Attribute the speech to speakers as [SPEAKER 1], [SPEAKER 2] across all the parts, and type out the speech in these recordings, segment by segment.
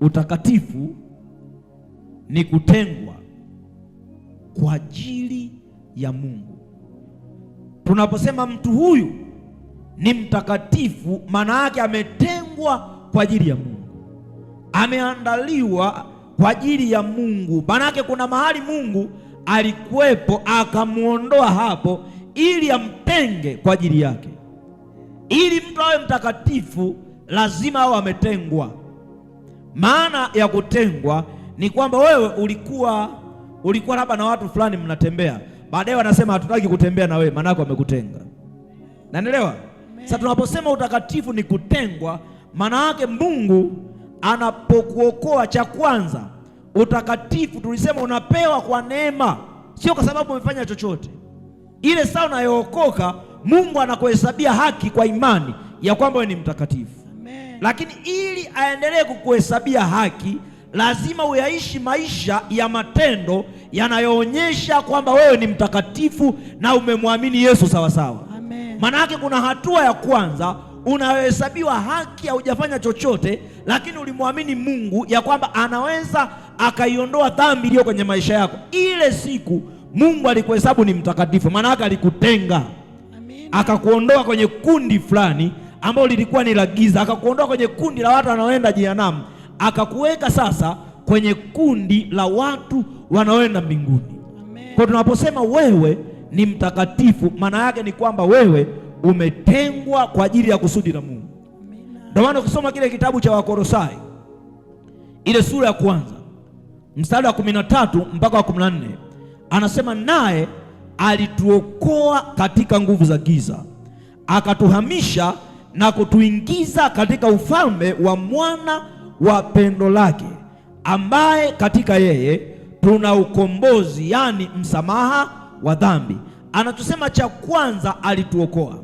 [SPEAKER 1] Utakatifu ni kutengwa kwa ajili ya Mungu. Tunaposema mtu huyu ni mtakatifu, maana yake ametengwa kwa ajili ya Mungu, ameandaliwa kwa ajili ya Mungu. Maana yake kuna mahali Mungu alikuwepo akamwondoa hapo, ili amtenge kwa ajili yake. Ili mtu awe mtakatifu, lazima awe ametengwa. Maana ya kutengwa ni kwamba wewe ulikuwa ulikuwa labda na watu fulani mnatembea, baadaye wanasema hatutaki kutembea na wewe, maana yako amekutenga. Naelewa? Sasa tunaposema utakatifu ni kutengwa, maana yake Mungu anapokuokoa, cha kwanza utakatifu tulisema unapewa kwa neema, sio kwa sababu umefanya chochote. Ile saa unayookoka Mungu anakuhesabia haki kwa imani ya kwamba wewe ni mtakatifu. Lakini ili aendelee kukuhesabia haki, lazima uyaishi maisha ya matendo yanayoonyesha kwamba wewe ni mtakatifu na umemwamini Yesu sawasawa. Maana yake kuna hatua ya kwanza unayohesabiwa haki, haujafanya chochote, lakini ulimwamini Mungu ya kwamba anaweza akaiondoa dhambi iliyo kwenye maisha yako. Ile siku Mungu alikuhesabu ni mtakatifu, maana yake alikutenga, akakuondoa kwenye kundi fulani ambalo lilikuwa ni la giza, akakuondoa kwenye kundi la watu wanaoenda jehanamu, akakuweka sasa kwenye kundi la watu wanaoenda mbinguni. Kwa tunaposema wewe ni mtakatifu, maana yake ni kwamba wewe umetengwa kwa ajili ya kusudi la Mungu. Ndio maana ukisoma kile kitabu cha Wakolosai ile sura ya kwanza mstari wa 13 mpaka wa 14 anasema, naye alituokoa katika nguvu za giza akatuhamisha na kutuingiza katika ufalme wa mwana wa pendo lake, ambaye katika yeye tuna ukombozi, yaani msamaha wa dhambi. Anachosema cha kwanza, alituokoa.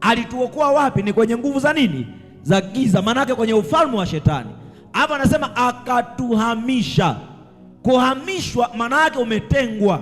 [SPEAKER 1] Alituokoa wapi? Ni kwenye nguvu za nini? Za giza, yake kwenye ufalme wa Shetani. Hapa anasema akatuhamisha. Kuhamishwa maana yake umetengwa,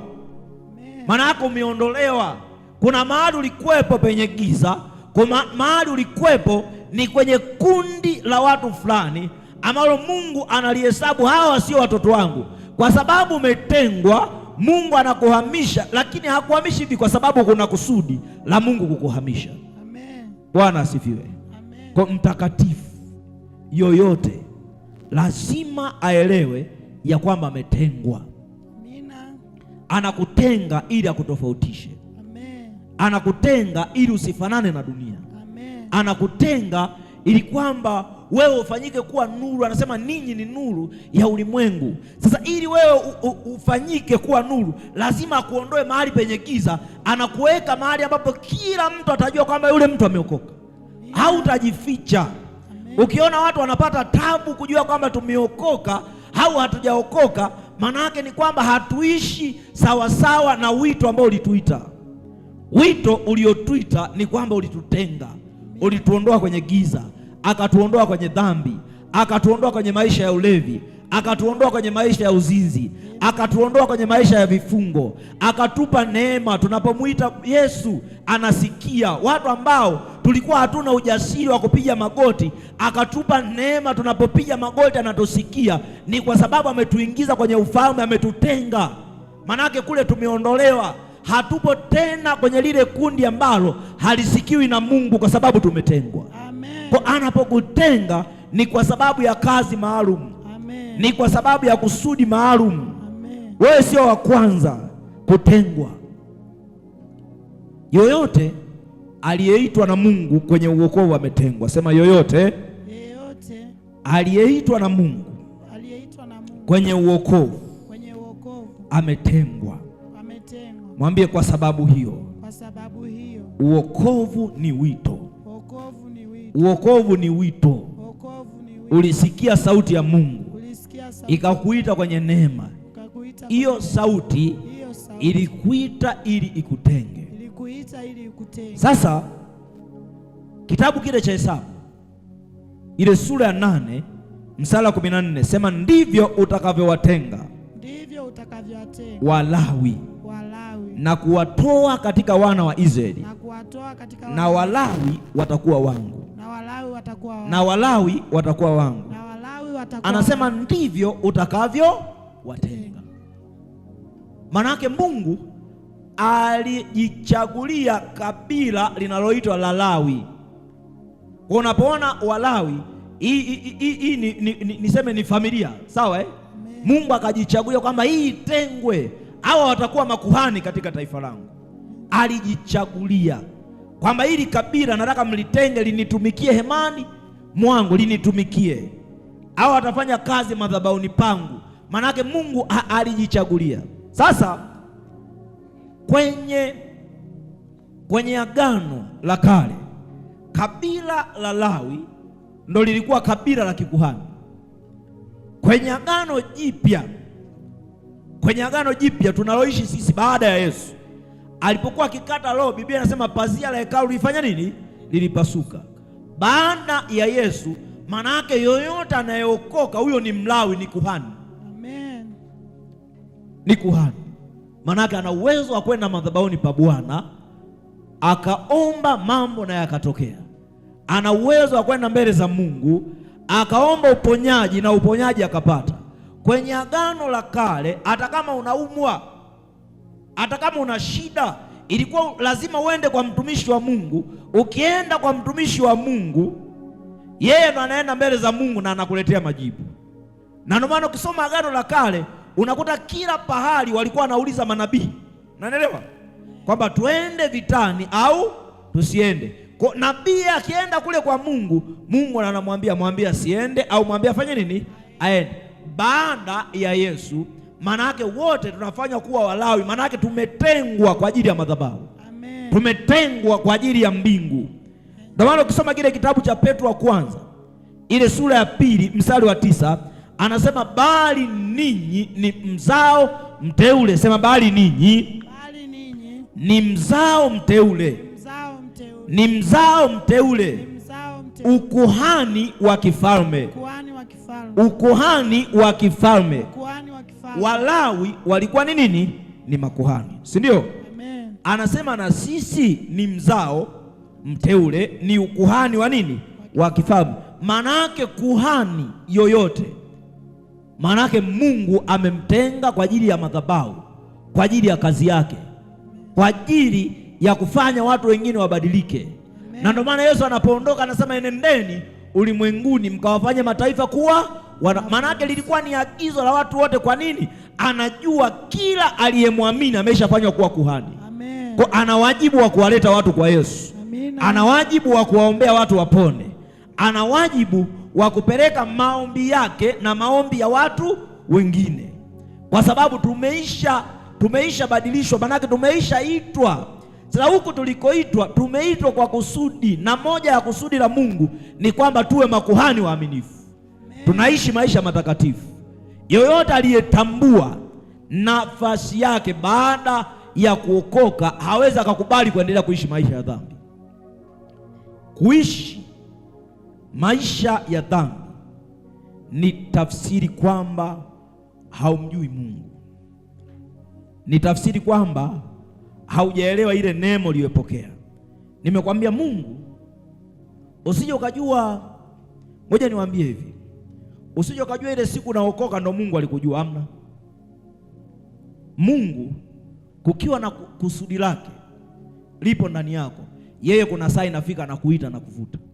[SPEAKER 1] maana yake umeondolewa. Kuna mahali ulikuwepo penye giza kwa mahali ulikwepo ni kwenye kundi la watu fulani ambalo Mungu analihesabu hawa sio watoto wangu. Kwa sababu umetengwa, Mungu anakuhamisha, lakini hakuhamishi hivi, kwa sababu kuna kusudi la Mungu kukuhamisha. Amen. Bwana asifiwe. Amen. Kwa mtakatifu yoyote lazima aelewe ya kwamba ametengwa. Amina. Anakutenga ili akutofautishe anakutenga ili usifanane na dunia. Amen. Anakutenga ili kwamba wewe ufanyike kuwa nuru. Anasema ninyi ni nuru ya ulimwengu. Sasa ili wewe ufanyike kuwa nuru, lazima akuondoe mahali penye giza, anakuweka mahali ambapo kila mtu atajua kwamba yule mtu ameokoka, hautajificha. Ukiona watu wanapata tabu kujua kwamba tumeokoka au hatujaokoka, maana yake ni kwamba hatuishi sawasawa na wito ambao ulituita. Wito uliotuita ni kwamba ulitutenga, ulituondoa kwenye giza, akatuondoa kwenye dhambi, akatuondoa kwenye maisha ya ulevi, akatuondoa kwenye maisha ya uzinzi, akatuondoa kwenye maisha ya vifungo, akatupa neema. Tunapomwita Yesu anasikia. Watu ambao tulikuwa hatuna ujasiri wa kupiga magoti, akatupa neema. Tunapopiga magoti anatusikia. Ni kwa sababu ametuingiza kwenye ufalme, ametutenga, manake kule tumeondolewa hatupo tena kwenye lile kundi ambalo halisikiwi na Mungu kwa sababu tumetengwa. Amen. Kwa anapokutenga ni kwa sababu ya kazi maalum, ni kwa sababu ya kusudi maalum. Wewe sio wa kwanza kutengwa. Yoyote aliyeitwa na Mungu kwenye uokovu ametengwa. Sema yoyote, yoyote aliyeitwa na Mungu, aliyeitwa na Mungu kwenye uokovu ametengwa. Mwambie kwa sababu hiyo, kwa sababu hiyo uokovu ni wito, uokovu ni wito, uokovu ni wito. Uokovu ni wito. Ulisikia sauti ya Mungu, ikakuita kwenye neema. Hiyo sauti ilikuita ili ikutenge, ilikuita ili ikutenge. Sasa kitabu kile cha Hesabu ile sura ya nane msala kumi na nne sema ndivyo utakavyowatenga, ndivyo utakavyowatenga Walawi na kuwatoa katika wana wa Israeli na, na Walawi watakuwa wangu na Walawi watakuwa wangu. Anasema ndivyo utakavyo Maana yake Mungu alijichagulia kabila linaloitwa la Lawi. Kwa unapoona Walawi, hii niseme ni familia, sawa eh? Mungu akajichagulia kwamba hii itengwe hawa watakuwa makuhani katika taifa langu. Alijichagulia kwamba hili kabila nataka mlitenge, linitumikie hemani mwangu, linitumikie. Hawa watafanya kazi madhabahuni pangu, manake Mungu alijichagulia. Sasa kwenye kwenye agano la kale kabila la Lawi ndo lilikuwa kabila la kikuhani. Kwenye agano jipya kwenye agano jipya tunaloishi sisi baada ya Yesu alipokuwa akikata roho, Biblia inasema pazia la hekalu lilifanya nini? Lilipasuka. Baada ya Yesu, maana yake yoyote anayeokoka huyo ni Mlawi, ni kuhani. Amen. Ni kuhani, maana yake ana uwezo wa kwenda madhabahuni pa Bwana akaomba mambo na yakatokea Ana uwezo wa kwenda mbele za Mungu akaomba uponyaji na uponyaji akapata Kwenye agano la kale, hata kama unaumwa, hata kama una shida, ilikuwa lazima uende kwa mtumishi wa Mungu. Ukienda kwa mtumishi wa Mungu, yeye ndo anaenda mbele za Mungu na anakuletea majibu. Na ndio maana ukisoma agano la kale unakuta kila pahali walikuwa wanauliza manabii, unanielewa, kwamba tuende vitani au tusiende. Kwa nabii akienda kule kwa Mungu, Mungu anamwambia mwambie asiende, au mwambie afanye nini, aende baada ya Yesu, maana yake wote tunafanywa kuwa Walawi, maana yake tumetengwa kwa ajili ya madhabahu, tumetengwa kwa ajili ya mbingu. Ndio maana ukisoma kile kitabu cha Petro wa kwanza ile sura ya pili mstari wa tisa anasema bali ninyi ni mzao mteule. Sema bali ninyi ni mzao mteule, ni mzao mteule ukuhani wa kifalme. Ukuhani wa kifalme, Walawi walikuwa ni nini? Ni makuhani, si ndio? Anasema na sisi ni mzao mteule, ni ukuhani wa nini? Wa kifalme. Maana yake kuhani yoyote, maana yake Mungu amemtenga kwa ajili ya madhabahu, kwa ajili ya kazi yake, kwa ajili ya kufanya watu wengine wabadilike na ndio maana Yesu anapoondoka anasema enendeni ulimwenguni mkawafanye mataifa kuwa wana. Maana yake lilikuwa ni agizo la watu wote. Kwa nini? Anajua kila aliyemwamini ameshafanywa kuwa kuhani. Amen. Kwa ana wajibu wa kuwaleta watu kwa Yesu. Amina. Ana wajibu wa kuwaombea watu wapone. Ana wajibu wa kupeleka maombi yake na maombi ya watu wengine, kwa sababu tumeisha tumeisha badilishwa, maanake tumeishaitwa sasa huku tulikoitwa, tumeitwa kwa kusudi, na moja ya kusudi la Mungu ni kwamba tuwe makuhani waaminifu, tunaishi maisha matakatifu. Yoyote aliyetambua nafasi yake baada ya kuokoka hawezi akakubali kuendelea kuishi maisha ya dhambi. Kuishi maisha ya dhambi ni tafsiri kwamba haumjui Mungu, ni tafsiri kwamba haujaelewa ile neema uliyopokea. Nimekwambia Mungu, usije ukajua, ngoja niwaambie hivi, usije ukajua ile siku naokoka ndo Mungu alikujua. Amna, Mungu kukiwa na kusudi lake lipo ndani yako, yeye kuna saa inafika na kuita na kuvuta